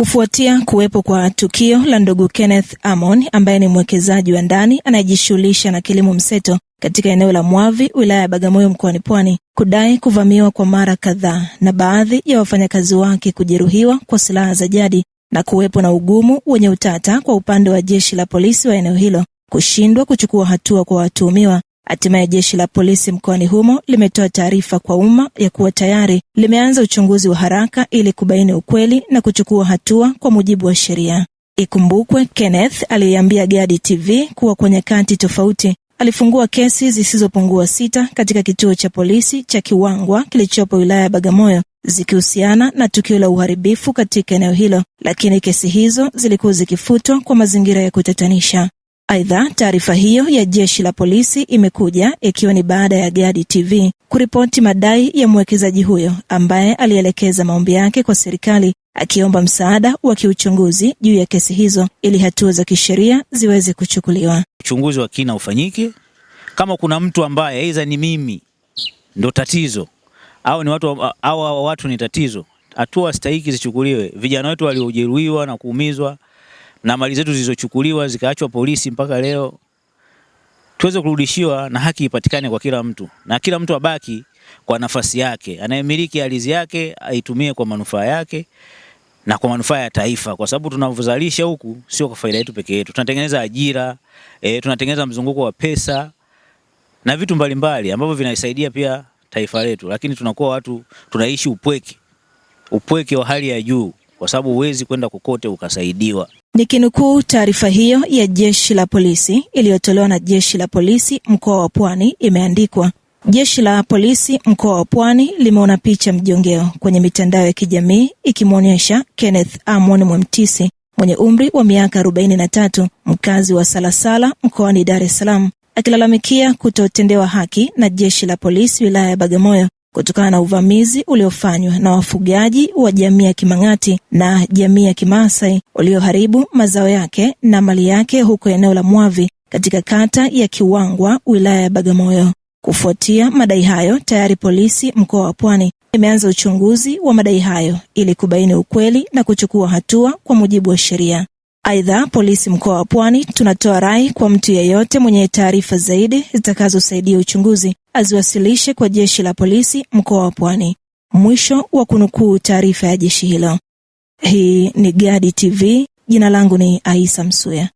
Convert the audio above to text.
kufuatia kuwepo kwa tukio la ndugu Kenneth Amon ambaye ni mwekezaji wa ndani anayejishughulisha na kilimo mseto katika eneo la Mwavi, wilaya ya Bagamoyo, mkoani Pwani, kudai kuvamiwa kwa mara kadhaa na baadhi ya wafanyakazi wake kujeruhiwa kwa silaha za jadi na kuwepo na ugumu wenye utata kwa upande wa jeshi la polisi wa eneo hilo kushindwa kuchukua hatua kwa watuhumiwa Hatimaye jeshi la polisi mkoani humo limetoa taarifa kwa umma ya kuwa tayari limeanza uchunguzi wa haraka ili kubaini ukweli na kuchukua hatua kwa mujibu wa sheria. Ikumbukwe, Kenneth aliyeambia Gadi TV kuwa kwa nyakati tofauti alifungua kesi zisizopungua sita katika kituo cha polisi cha Kiwangwa kilichopo wilaya ya Bagamoyo zikihusiana na tukio la uharibifu katika eneo hilo, lakini kesi hizo zilikuwa zikifutwa kwa mazingira ya kutatanisha. Aidha, taarifa hiyo ya jeshi la polisi imekuja ikiwa ni baada ya Gadi TV kuripoti madai ya mwekezaji huyo ambaye alielekeza maombi yake kwa serikali akiomba msaada wa kiuchunguzi juu ya kesi hizo ili hatua za kisheria ziweze kuchukuliwa. Uchunguzi wa kina ufanyike. Kama kuna mtu ambaye aidha ni mimi ndo tatizo au ni watu, au watu ni tatizo, hatua stahiki zichukuliwe. Vijana wetu waliojeruhiwa na kuumizwa na mali zetu zilizochukuliwa zikaachwa polisi mpaka leo tuweze kurudishiwa na haki ipatikane kwa kila mtu, na kila mtu abaki kwa nafasi yake. Anayemiliki ardhi yake aitumie kwa manufaa yake na kwa manufaa ya taifa, kwa sababu tunavyozalisha huku sio kwa faida yetu peke yetu, tunatengeneza ajira e, tunatengeneza mzunguko wa pesa na vitu mbalimbali ambavyo vinaisaidia pia taifa letu, lakini tunakuwa watu tunaishi upweke, upweke wa hali ya juu kwa sababu huwezi kwenda kokote ukasaidiwa. Nikinukuu taarifa hiyo ya jeshi la polisi iliyotolewa na jeshi la polisi mkoa wa Pwani, imeandikwa Jeshi la polisi mkoa wa Pwani limeona picha mjongeo kwenye mitandao ya kijamii ikimwonyesha Kenneth Amon mwemtisi mwenye umri wa miaka 43 mkazi wa Salasala mkoani Dar es Salaam akilalamikia kutotendewa haki na jeshi la polisi wilaya ya Bagamoyo kutokana na uvamizi uliofanywa na wafugaji wa jamii ya Kimang'ati na jamii ya Kimaasai ulioharibu mazao yake na mali yake huko eneo la Mwavi katika kata ya Kiwangwa wilaya ya Bagamoyo. Kufuatia madai hayo, tayari polisi mkoa wa Pwani imeanza uchunguzi wa madai hayo ili kubaini ukweli na kuchukua hatua kwa mujibu wa sheria. Aidha, polisi mkoa wa Pwani tunatoa rai kwa mtu yeyote mwenye taarifa zaidi zitakazosaidia uchunguzi aziwasilishe kwa jeshi la polisi mkoa wa Pwani. Mwisho wa kunukuu taarifa ya jeshi hilo. Hii ni Gadi TV. Jina langu ni Aisa Msuya.